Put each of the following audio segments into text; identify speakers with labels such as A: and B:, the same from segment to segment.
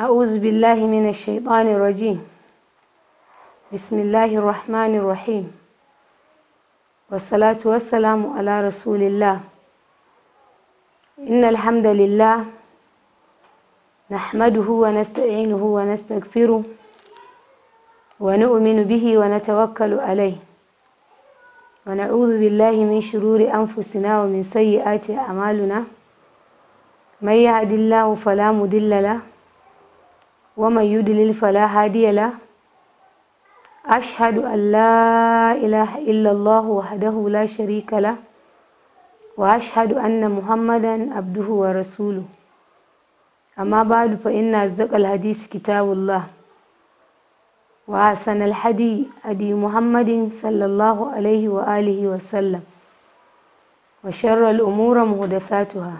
A: أعوذ بالله من الشيطان الرجيم بسم الله الرحمن الرحيم والصلاة والسلام على رسول الله إن الحمد لله نحمده ونستعينه ونستغفره ونؤمن به ونتوكل عليه ونعوذ بالله من شرور أنفسنا ومن سيئات أعمالنا من يهد الله فلا مضل له ومن يدلل فلا هادي له أشهد أن لا إله إلا الله وحده لا شريك له وأشهد أن محمدا عبده ورسوله أما بعد فإن أصدق الحديث كتاب الله وأحسن الحدي أدي محمد صلى الله عليه وآله وسلم وشر الأمور مهدثاتها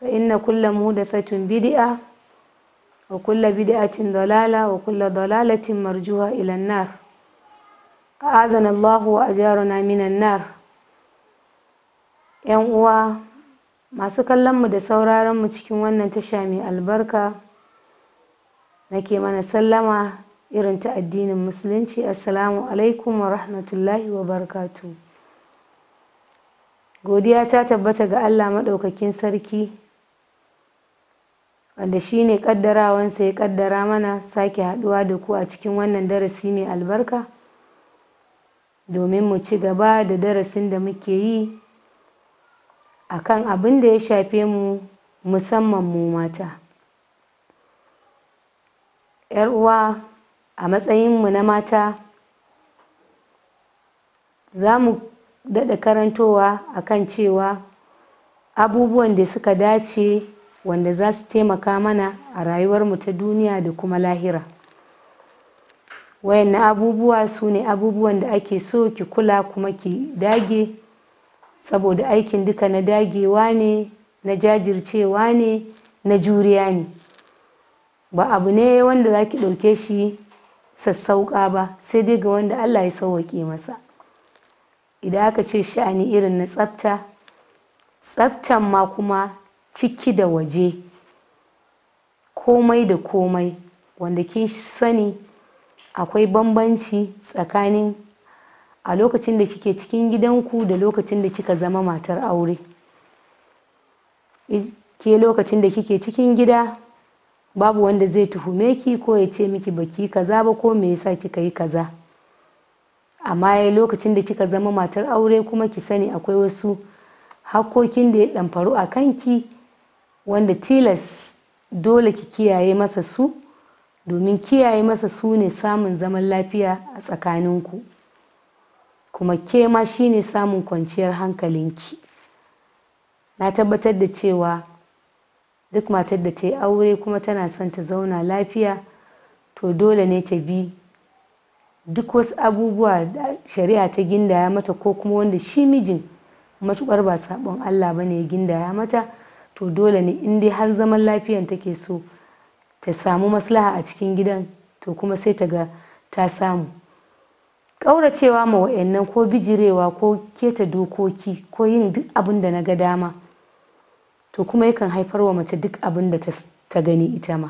A: فإن كل مهدثة بدئة wa kulla bid'atin dalala wa kulla dalalatin marjuha ila nar a'azana Allah wa ajaruna minan nar yan uwa masu kallon mu da sauraron mu cikin wannan tasha mai albarka nake mana sallama irin ta addinin musulunci assalamu alaikum wa rahmatullahi wa barkatu. godiya ta tabbata ga Allah maɗaukakin sarki wanda shine ƙaddarawansa ya kaddara mana sake haduwa da ku a cikin wannan darasi mai albarka domin mu ci gaba da darasin da muke yi a kan abin da ya shafe mu musamman mu mata uwa a matsayinmu na mata za mu daɗa karantowa a kan cewa abubuwan da suka dace wanda za su taimaka mana a rayuwarmu ta duniya da kuma lahira wayannan abubuwa su ne abubuwan da ake so ki kula kuma ki dage saboda aikin duka na dagewa ne na jajircewa ne na juriya ne ba abu ne wanda za ki ɗauke shi sassauƙa ba sai dai ga wanda allah ya sauwaƙe masa idan aka ce sha'ani irin na tsafta tsaftan ma kuma ciki da waje komai da komai wanda kin sani akwai bambanci tsakanin a lokacin da kike cikin gidanku da lokacin da kika zama matar aure ke lokacin da kike cikin gida babu wanda zai tuhume ki ko ya ce miki baki kaza ba ko me yasa kika yi kaza amma lokacin da kika zama matar aure kuma ki sani akwai wasu hakkokin da ya ɗamfaru a kanki wanda tilas dole ki kiyaye masa su domin kiyaye masa su ne samun zaman lafiya a tsakaninku kuma ke ma shi ne samun kwanciyar hankalinki na tabbatar da cewa duk matar da ta yi aure kuma tana son ta zauna lafiya to dole ne ta bi duk wasu abubuwa da shari'a ta gindaya mata ko kuma wanda shi mijin matuƙar ba sabon allah ba ne ya gindaya mata to dole ne in dai har zaman lafiyan take so ta samu maslaha a cikin gidan to kuma sai ta ga ta samu ƙauracewa ma wa'annan ko bijirewa ko keta dokoki ko yin duk abin da na ga dama to kuma yakan haifar wa mace duk abin da ta gani ita ma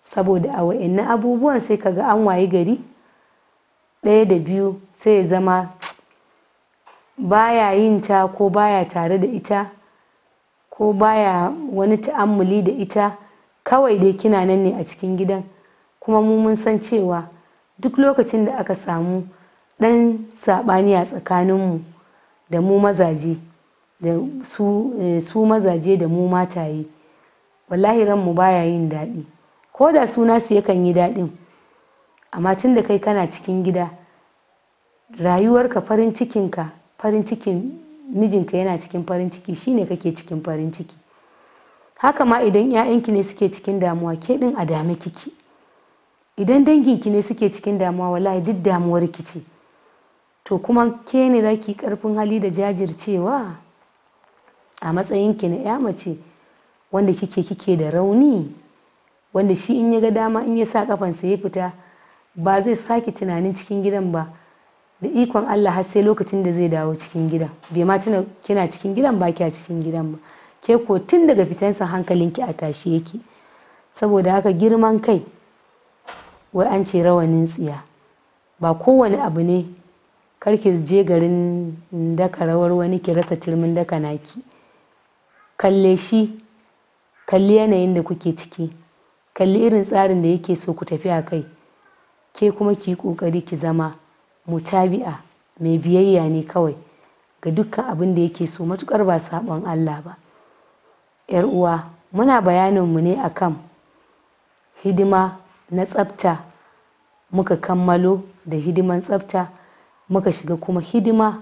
A: saboda a wa'annan abubuwan sai ka ga an wayi gari ɗaya da biyu sai ya zama baya yin ta ko baya tare da ita ko baya wani ta'ammuli da ita kawai dai kina nan ne a cikin gidan kuma mu mun san cewa duk lokacin da aka samu ɗan saɓani a tsakaninmu da mu mazaje da su eh, mazaje da mu mataye wallahi ranmu baya yin daɗi ko da suna su yakan yi daɗin amma tun da kai kana cikin gida rayuwarka farin cikinka farin cikin mijinka yana cikin farin ciki shine kake cikin farin ciki haka ma idan 'ya'yanki ne suke cikin damuwa ke din a dame kiki idan danginki ne suke cikin damuwa wallahi duk damuwar ki ce to kuma ke ne za ki karfin hali da jajircewa a matsayinki na 'ya mace wanda kike kike da rauni wanda shi in ya ga dama in ya sa kafansa ya fita ba zai sake tunanin cikin gidan ba da ikon Allah har sai lokacin da zai dawo cikin gidan bai ma tuna kina cikin gidan ba kiya cikin gidan ba ke ko tun daga fitan fitansa ki a tashi yake saboda haka girman kai wai an ce rawanin tsiya ba kowane abu ne karki je garin daka rawar wani ki rasa turmin daka naki kalle shi kalli yanayin da kuke ciki kalli irin tsarin da yake so ku tafi a kai ke kuma ki yi ƙoƙari ki zama mutabi'a mai biyayya ne kawai ga dukkan abin da yake so matukar ba sabon Allah ba yar uwa muna bayanin mu ne akan hidima na tsafta muka kammalo da hidiman tsafta muka shiga kuma hidima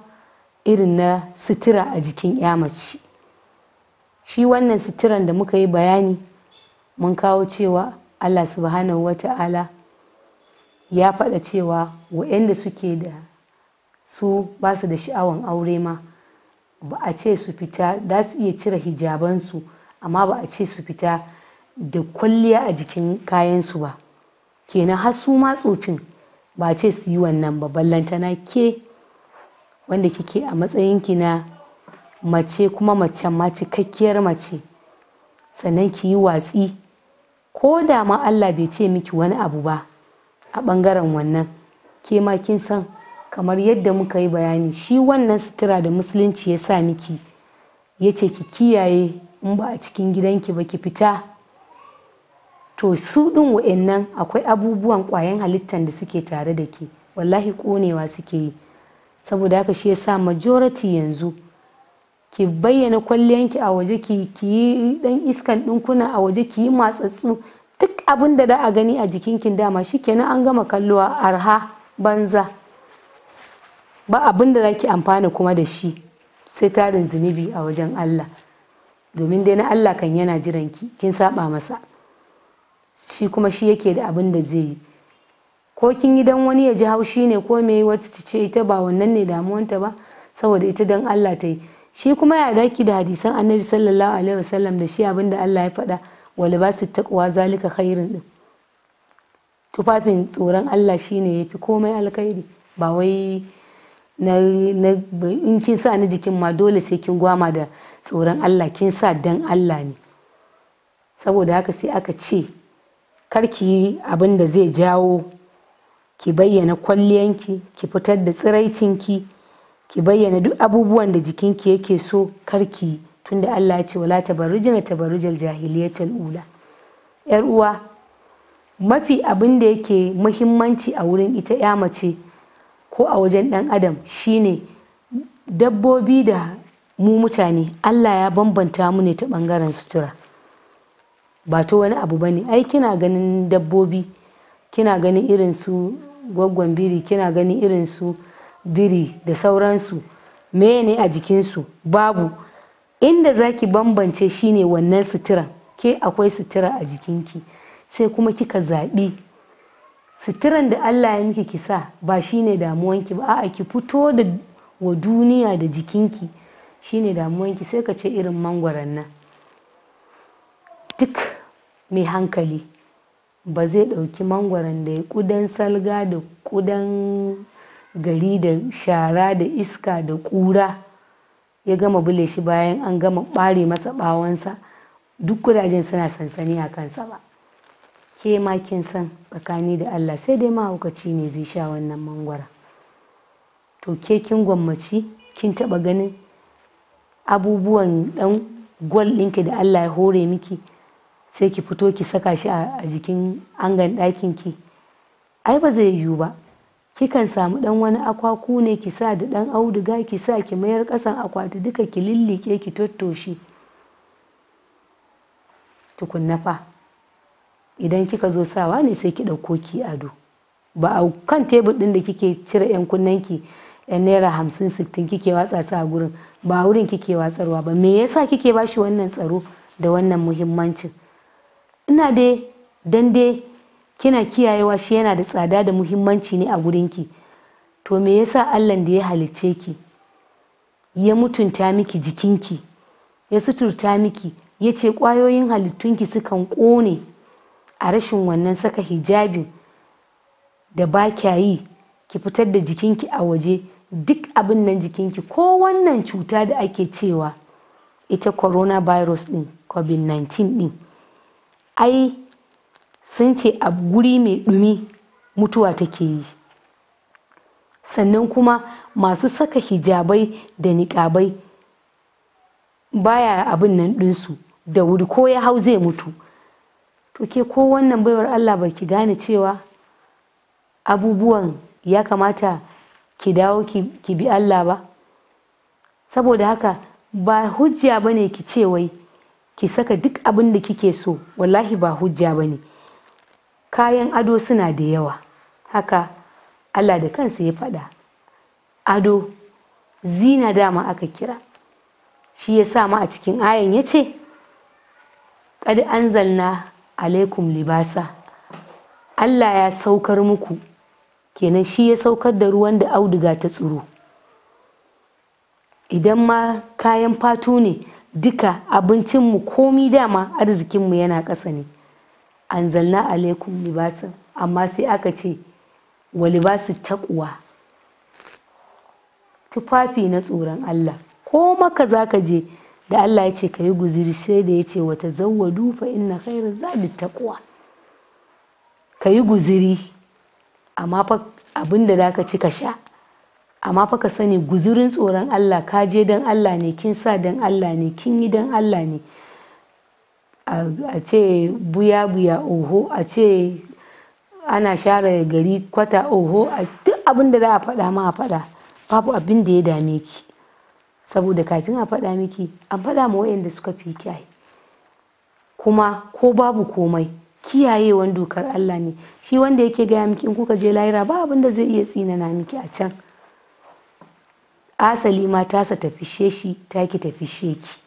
A: irin na sutura a jikin mace shi wannan suturan da muka yi bayani mun kawo cewa Allah subhanahu wa ta'ala. ya faɗa cewa waɗanda suke da su ba su da sha'awan aure ma ba a ce su fita za su iya cire hijabansu amma ba a ce su fita da kwalliya a jikin kayansu ba kenan har su ma tsofin ba a ce su yi wannan ba ballantana ke wanda kike a matsayin ki na mace kuma mace ma cikakkiyar mace sannan ki yi watsi ko da ma Allah bai ce miki wani abu ba a ɓangaren wannan ke ma kin san kamar yadda muka yi bayani shi wannan sutura da musulunci ya sa miki ya ce ki kiyaye in ba a cikin gidanki ba ki fita to su ɗin wa'annan akwai abubuwan ƙwayan halittar da suke tare da ke wallahi ƙonewa suke yi saboda haka shi ya sa majority yanzu ki bayyana kwalliyanki a waje ki yi ɗan iskan ɗinkuna a waje ki yi matsatsu duk abin da da a gani a jikinkin dama shikenan an gama kallo arha banza ba abin da zaki amfana kuma da shi sai tarin zunubi a wajen Allah domin dai na Allah kan yana jiranki kin saba masa shi kuma shi yake da abin da zai yi ko kin yi dan wani ya ji haushi ne ko me wata cice ita ba wannan ne damuwanta ba saboda ita don Allah ta yi shi kuma ya daki da hadisan annabi sallallahu alaihi wasallam da shi abin da Allah ya faɗa wa libasu taqwa zalika khairin din tufafin tsoron Allah shine yafi komai alkhairi ba wai na in kin sa ni jikin ma dole sai kin gwama da tsoron Allah kin sa dan Allah ne saboda haka sai aka ce karki yi abin da zai jawo ki bayyana kwalliyanki ki fitar da tsiraicinki ki bayyana duk abubuwan da jikinki yake so karki tunda Allah ya ce wala tabarrujina tabarrujal jahiliyatul ula yar uwa mafi abin da yake muhimmanci a wurin ita ya mace ko a wajen dan adam shine dabbobi da mu mutane Allah ya bambanta mu ne ta bangaren sutura ba to wani abu bane ai kina ganin dabbobi kina ganin irin su gwaggon biri kina ganin irin su biri da sauransu me ne a jikinsu babu inda zaki bambance shine wannan sutura ke akwai sutura a jikinki sai kuma kika zaɓi suturan da Allah ya miki kisa sa ba shine damuwanki ba a'a ki fito da wa duniya da jikinki shine damuwanki sai ka ce irin mangwaran nan duk mai hankali ba zai ɗauki mangwaran da ya ƙudan salga da ƙudan gari da shara da iska da ƙura ya gama bule shi bayan an gama ɓare masa ɓawonsa duk kudajen suna sansani a kansa ba ke ma kin san tsakani da allah sai dai mahaukaci ne zai sha wannan mangwara to ke kin gwammaci kin taɓa ganin abubuwan ɗan gwal ɗinki da allah ya hore miki sai ki fito ki saka shi a jikin angan ɗakin ki ai ba zai yiwu ba kikan samu dan wani akwaku ne ki sa da dan auduga ki sa ki mayar kasan akwati duka ki lillike ki tottoshi tukunna fa idan kika zo sawa ne sai ki ɗauko ki ado ba a kan tebur ɗin da kike cire 'yan ki yan naira hamsin sittin kike watsa sa a gurin ba wurin kike watsarwa ba me yasa kike bashi wannan tsaro da wannan muhimmancin ina dai dan dai kina kiyayewa shi yana da tsada da muhimmanci ne a gurinki to me yasa allah da ya halicce ki ya mutunta miki jikinki ya suturta miki ya ce ƙwayoyin halittunki sukan ƙone a rashin wannan saka hijabin da ba kya yi ki fitar da jikinki a waje duk abin nan jikinki ko wannan cuta da ake cewa ita coronavirus din covid-19 din ai sun ce a guri mai dumi mutuwa take yi sannan kuma masu saka hijabai da niƙabai baya abin nan ɗinsu da wuri ko ya hau zai mutu to ke ko wannan baiwar allah ba ki gane cewa abubuwan ya kamata ki dawo ki bi allah ba saboda haka ba hujja bane ki ce wai ki saka duk abin da kike so wallahi ba hujja bane kayan ado suna da yawa haka allah da kansa ya faɗa ado zina dama aka kira shi ya sa ma a cikin ayan ya ce ƙad anzalna alaikum libasa allah ya saukar muku kenan shi ya saukar da ruwan da auduga ta tsuro idan ma kayan fatu ne duka abincinmu komi dama arzikinmu yana ƙasa ne anzalna alaikum libasin amma sai aka ce wa libasu taƙuwa tufafi na tsoron Allah ko maka za ka je da Allah ya ce ka yi guziri sai da ya ce wata zauwa dufa inna khairu zadi taqwa ka yi guziri amma fa abin da zaka ci ka sha amma fa ka sani guzirin tsoron Allah ka je dan Allah ne kin sa dan Allah ne kin yi dan Allah ne a ce buya-buya oho a ce ana share gari kwata oho a duk abin da za a faɗa ma a faɗa babu abin da ya dame ki saboda kafin a faɗa miki an faɗa ma waɗanda suka fi kiyaye kuma ko babu komai kiyayewan dokar Allah ne shi wanda yake gaya miki in kuka je lahira ba abin da zai iya tsinana miki a can asali ma tasa tafishe fishe shi taki ta ki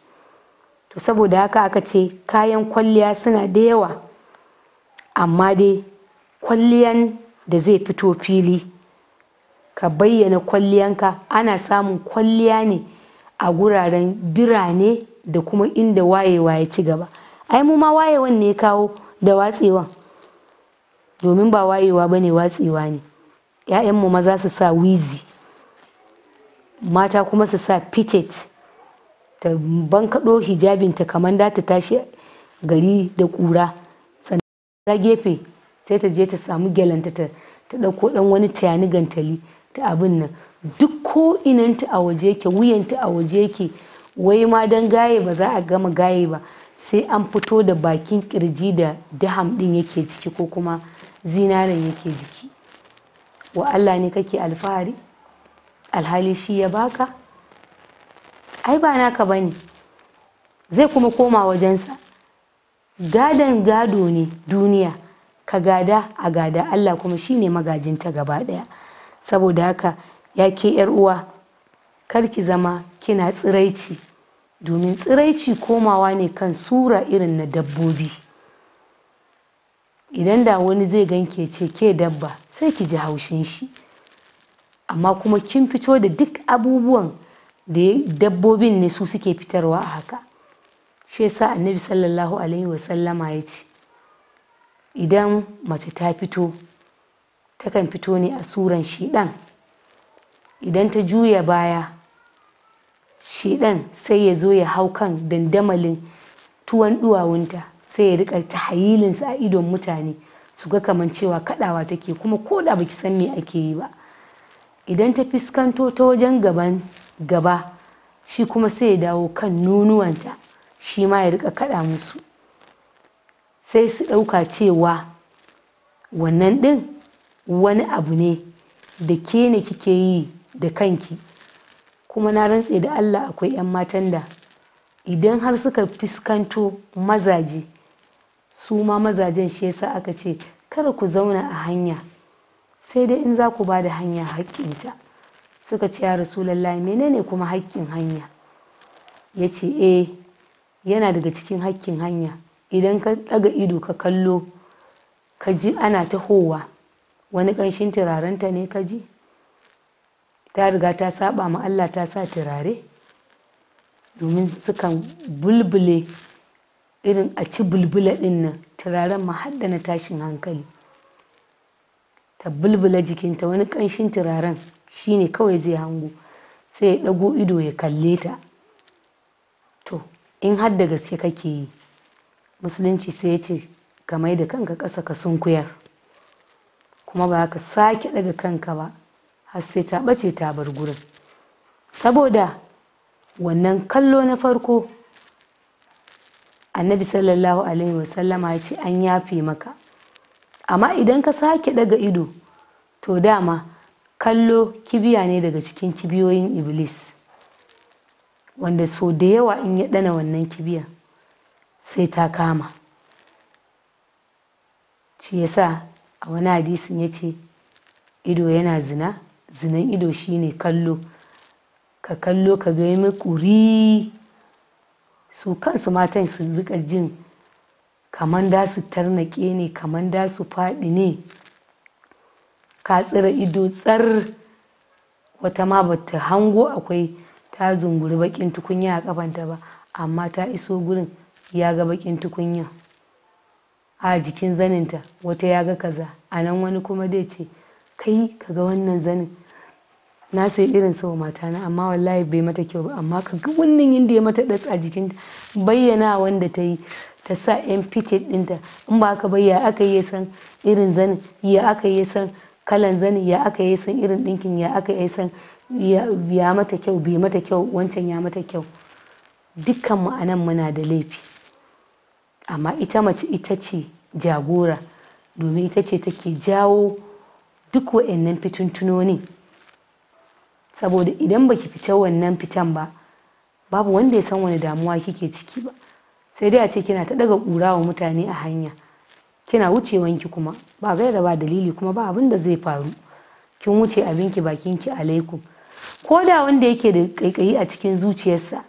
A: to saboda haka aka ce kayan kwalliya suna da yawa amma dai kwalliyan da zai fito fili ka bayyana kwalliyanka ana samun kwalliya ne a guraren birane da kuma inda wayewa ya ci gaba ai mu ma wayewan ne kawo da watsewan domin ba wayewa ba ne watsewa ne 'ya'yanmu maza su sa wizi mata kuma su sa fitet’ ta bankaɗo hijabinta kamar da ta tashi gari da ƙura sannan ta gefe sai ta je ta samu gyalanta ta ta ɗauko ɗan wani tayani gantali ta abin nan duk ko inanta a waje yake wuyanta a waje yake wai ma don gaye ba za a gama gaye ba sai an fito da bakin kirji da daham ɗin yake ciki ko kuma zinaren yake jiki wa Allah ne kake alfahari alhali shi ya baka ai ba naka bane zai kuma koma wajensa gadon gado ne duniya ka gada a gada Allah kuma shine magajinta gaba daya saboda haka ya ke yar uwa karki zama kina tsiraici domin tsiraici komawa ne kan sura irin na dabbobi idan da wani zai ganke ce ke dabba sai ki ji haushin shi amma kuma kin fito da duk abubuwan da dabbobin ne su suke fitarwa a haka shi sa annabi sallallahu alaihi wasallama ya ce idan mace ta fito takan fito ne a suran shiɗan idan ta juya baya shiɗan sai ya zo ya hau kan dandamalin tuwon duwawunta sai ya rika ta hayilinsa a idon mutane su ga kamar cewa kaɗawa take kuma ko baki san me ake yi ba idan ta fuskanto ta wajen gaban gaba shi kuma sai ya dawo kan nunuwanta shi ma ya rika kada musu sai su ɗauka cewa wannan ɗin wani abu ne da ke ne kike yi da kanki kuma na rantse da allah akwai 'yan matan da idan har suka fuskanto mazaje su ma mazajen shi yasa aka ce kada ku zauna a hanya sai dai in za ku ba da hanya haƙƙinta suka ce ya rasulallah menene kuma haƙƙin hanya ya ce eh yana daga cikin haƙƙin hanya idan ka ɗaga ido ka kallo ka ji ana tahowa wani ƙanshin turarenta ne ka ji ta riga ta saba ma Allah ta sa turare domin sukan bulbule irin a ci bulbula ɗin nan turaren mahaddana tashin hankali ta bulbula jikinta wani ƙanshin turaren Shi ne kawai zai hango sai ya ɗago ido ya kalle ta to in har da gaske kake yi musulunci sai ya ce ka mai da kanka ƙasa ka sunkuyar kuma ba ka sake ɗaga kanka ba har sai ta ɓace ta bar gurin saboda wannan kallo na farko annabi sallallahu alaihi wasallama ya ce an yafe maka amma idan ka sake ɗaga ido to dama kallo kibiya ne daga cikin kibiyoyin iblis wanda so da yawa in ya ɗana wannan kibiya sai ta kama shi yasa a wani hadisin ya ce ido yana zina zinan ido shine kallo ka kallo ka ga makuri su kansu matan su rika jin Kamanda da su tarnake ne kamar da su faɗi ne ka tsira ido tsar wata ma bata hango akwai ta zunguri bakin tukunya a kafanta ba amma ta iso gurin ya ga bakin tukunya a jikin zaninta wata ya ga kaza a nan wani kuma dai ce kai ka ga wannan zanin na sai irin sau mata na amma wallahi bai mata kyau ba amma ka ga wannan yadda ya mata ɗas a jikin bayyana wanda ta yi ta sa yan fitet dinta in ba aka bayyana aka yi san irin zanin ya aka yi san kalan zani ya aka yi san irin ɗinkin ya aka yi san ya mata kyau bai mata kyau wancan ya mata kyau dukkan mu nan muna da laifi amma ita mace ita ce jagora domin ita ce take jawo duk wa'annan fituntunoni saboda idan baki fita wannan fitan ba babu wanda ya san wani damuwa kike ciki ba sai dai a ce kina ta daga ƙura wa mutane a hanya kina wucewanki kuma ba gaira ba dalili kuma ba abin da zai faru kin wuce abinki bakin ki alaikum ko da wanda yake da kaikayi a cikin zuciyarsa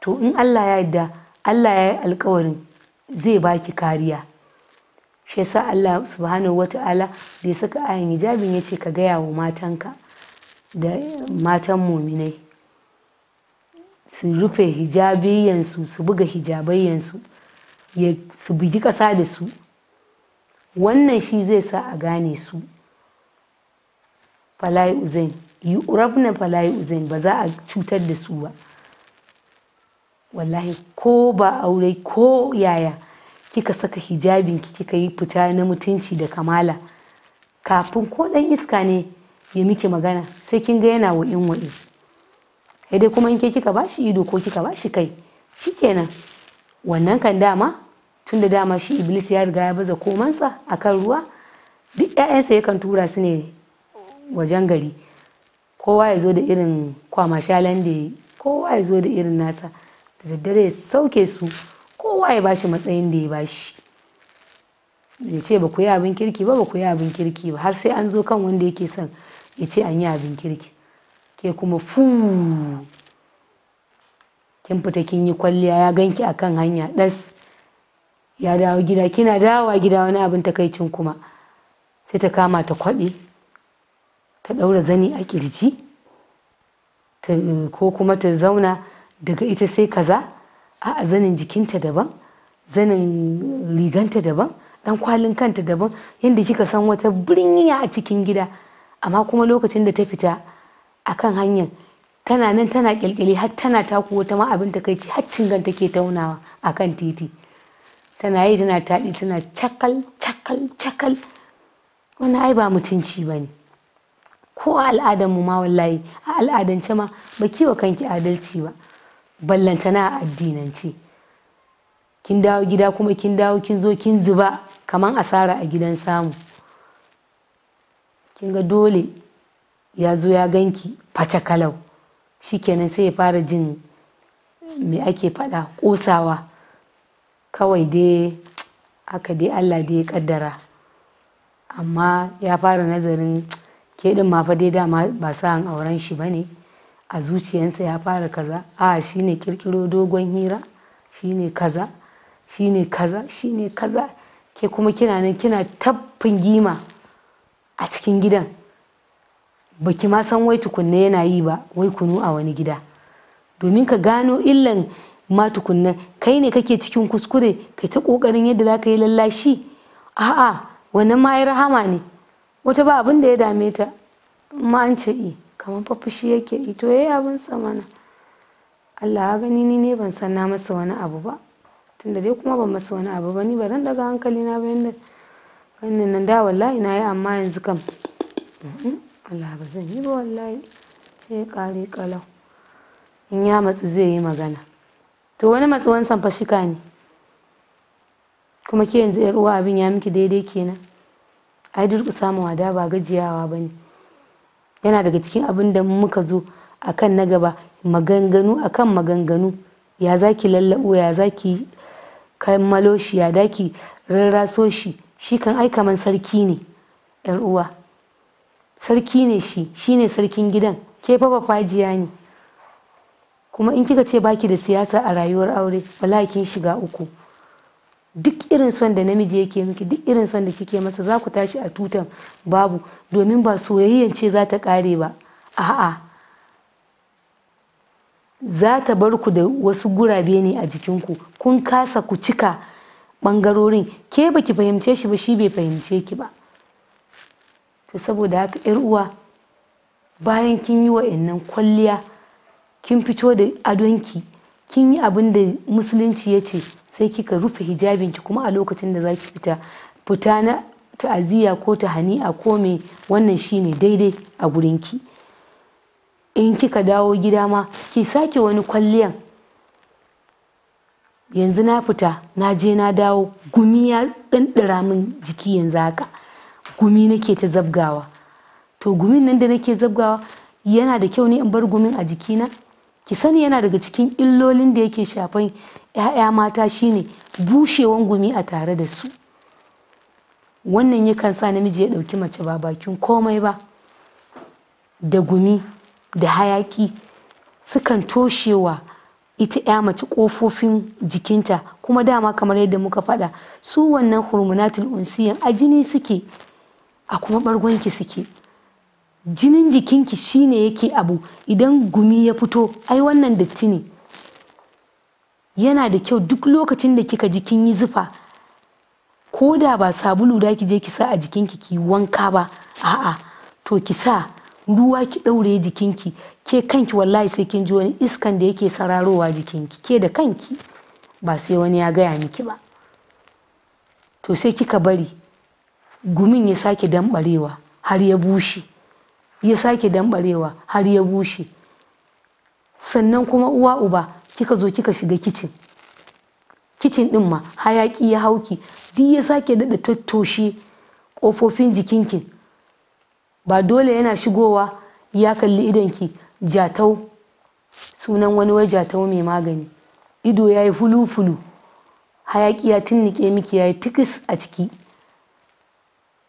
A: to in Allah ya yarda Allah ya yi alkawarin zai baki kariya shi yasa Allah subhanahu wata'ala ya saka ayin hijabin ya ce ka gaya wa matanka da matan muminai su rufe hijabiyansu su buga su ya su bugi ƙasa da su wannan shi zai sa a gane su falayi uzain rabna falai uzain ba za a cutar da su ba wallahi ko ba aure ko yaya kika saka hijabin ki kika yi fita na mutunci da kamala kafin ko dan iska ne ya miki magana sai kin ga yana wa'in wa'in kuma in ke kika bashi ido ko kika bashi kai shikenan wannan kan dama tun da dama shi iblis ya riga ya baza komansa a kan ruwa duk 'ya'yansa yakan tura su ne wajen gari kowa ya zo da irin kwamashalan da ya kowa ya zo da irin nasa da daddare ya sauke su kowa ya bashi matsayin da ya bashi ya ce ba ku yi abin kirki ba ba ku yi abin kirki ba har sai an zo kan wanda yake son ya ce an yi abin kirki ke kuma fu kin fita kin yi kwalliya ya ganki akan hanya ɗas ya dawo gida kina dawowa gida wani abin takaicin kuma sai ta kama ta kwaɓe ta ɗaura zani a kirji eh, ko kuma ta zauna daga ita sai kaza a zanin jikinta daban zanin riganta daban dan kwalin kanta daban yadda kika san wata birniya a cikin gida amma kuma lokacin da ta fita a kan hanyar tana nan tana kyalkyali har tana taku wata ma abin takaici har cingan take taunawa a kan titi tana yi tana taɗi tana cakal cakal cakal wani ai ba mutunci ba ne ko a al'adanmu ma wallahi a al'adance ma ba kiwa kanki adalci ba ballanta a addinance kin dawo gida kuma kin dawo kin zo kin zuba kamar asara a gidan samu kin ga dole ya zo ya ganki face kalau shikenan sai ya fara jin me ake faɗa ƙosawa kawai dai aka dai Allah dai kaddara amma ya fara nazarin ke din ma dai dama ba sa'an auren shi bane a zuciyarsa ya fara kaza a shine kirkiro dogon hira shine kaza shine kaza shine kaza ke kuma kina nan kina taffin gima a cikin gidan baki ma san wai tukunne yana yi ba wai kunu a wani gida domin ka gano illan ma tukunna kai ne kake cikin kuskure kai ta kokarin yadda za ka yi lallashi a'a wannan ma rahama ne wata ba abin da ya dame ta ma an ce i eh, kamar fafishi yake i eh, to yayi abin sa mana Allah ya gani ni ne ban san na masa wani abu ba tunda dai kuma ban masa wani abu ba ni ba dan daga hankali na ba yanda wannan nan da wallahi na yi amma yanzu kam Allah ba zan yi ba wallahi ce kare kalau in ya matsi zai yi magana to wani matsuwan samfashika ne kuma ke yanzu yar uwa abin ya miki daidai kenan ai durƙusa ma wada ba gajiyawa ba ne yana daga cikin abin da muka zo akan na gaba maganganu akan maganganu ya za ki lallaɓo ya za ki kammalo shi ya da ki rarraso shi shi kan ai kaman sarki ne yar uwa sarki ne shi shine sarkin gidan ke fa fajiya ne kuma in kika ce baki da siyasa a rayuwar aure wallahi kin shiga uku duk irin son da namiji yake miki duk irin son da kike masa za ku tashi a tutan babu domin ba soyayyan ce za ta kare ba a'a za ta bar ku da wasu gurabe ne a jikinku kun kasa ku cika bangarorin ke baki fahimce shi ba shi bai fahimce ki ba to saboda haka 'yar uwa bayan kin yi wa'annan kwalliya kin fito da adonki kin yi abin da musulunci ya ce sai kika rufe hijabinki kuma a lokacin da za ki fita fita na ta'aziyya ko ta hani ko mai wannan shine daidai a gurinki in kika dawo gida ma ki sake wani kwalliyan yanzu na fita na je na dawo gumi ya ɗanɗara min jiki yanzu haka gumi nake ta zabgawa to gumin nan da nake zabgawa yana da kyau ne in bar gumin a jikina ki sani yana daga cikin illolin da yake shafan 'ya'ya mata shine bushewan gumi a tare da su wannan yakan sa namiji ya ɗauki mace ba bakin komai ba da gumi da hayaki sukan toshewa ita 'ya mace kofofin jikinta kuma dama kamar yadda muka faɗa su wannan hormonatul unsiyan a jini suke a kuma ɓargonki suke jinin jikinki shine yake abu idan gumi ya fito ai wannan datti ne yana da kyau duk lokacin da kika ji kin yi zufa ko da ba sabulu da ki je ki sa a jikinki ki wanka ba a'a to ki sa ruwa ki ɗaure jikinki ke kanki wallahi sai kin ji wani iskan da yake sararowa jikinki ke da kanki ba sai wani ya gaya miki ba to sai kika bari gumin ya sake damɓarewa har ya bushe ya sake dambarewa har ya bushe sannan kuma uwa uba kika zo kika shiga kicin kicin din ma hayaki ya hauki duk ya sake daɗa tattoshe ƙofofin jikinki ba dole yana shigowa ya kalli idonki jatau sunan wani wai jatau mai magani ido ya yi fulu-fulu hayaki ya tinnike miki ya yi tikis a ciki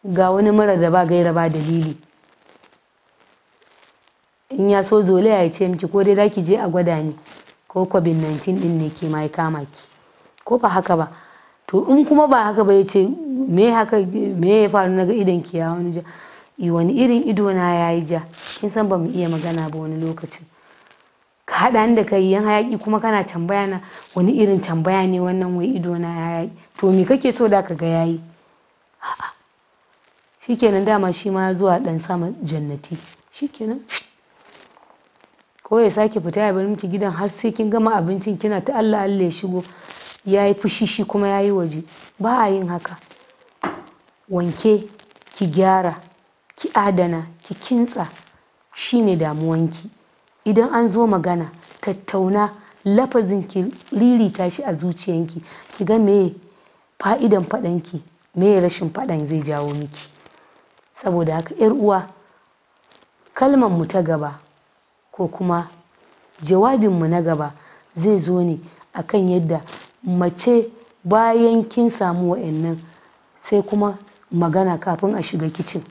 A: ga wani mara da ba gaira ba dalili in ya so zole ya ce miki ko dai za ki je a gwada ni ko covid-19 din ne ke ma ya kama ki ko ba haka ba to in kuma ba haka ba ya ce me haka me ya faru na ga idan ki ya wani ja wani irin ido na ya yi ja kin san ba mu iya magana ba wani lokacin ka haɗa ni da kai yan hayaki kuma kana tambaya na wani irin tambaya ne wannan wai ido na ya yi to me kake so da ka ga yayi a'a shikenan dama shi ma zuwa dan sama jannati shikenan ko ya sake fita ya bar miki gidan har sai kin gama abincin kina ta Allah Allah ya shigo ya yi fushi shi kuma ya yi waje ba a yin haka wanke ki gyara ki adana ki kintsa shine damuwanki idan an zo magana tattauna lafazin ki ririta shi a zuciyanki ki ga me fa'idan faɗanki me rashin faɗan zai jawo miki saboda haka 'yar uwa kalmar mu ta gaba ko kuma jawabinmu na gaba zai zo ne kan yadda mace bayan kin samu wa'annan sai kuma magana kafin a shiga kicin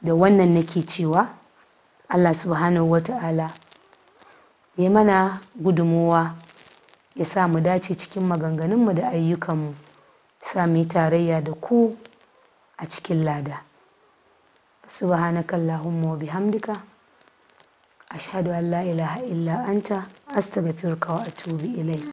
A: da wannan nake cewa allah subhanahu ta'ala ya mana gudunmowa ya sa mu dace cikin maganganunmu da ayyukanmu sa mu yi tarayya da ku a cikin lada subhanakallahumma wa bihamdika a ashhadu an la ilaha illa da astaghfiruka a atubu ilai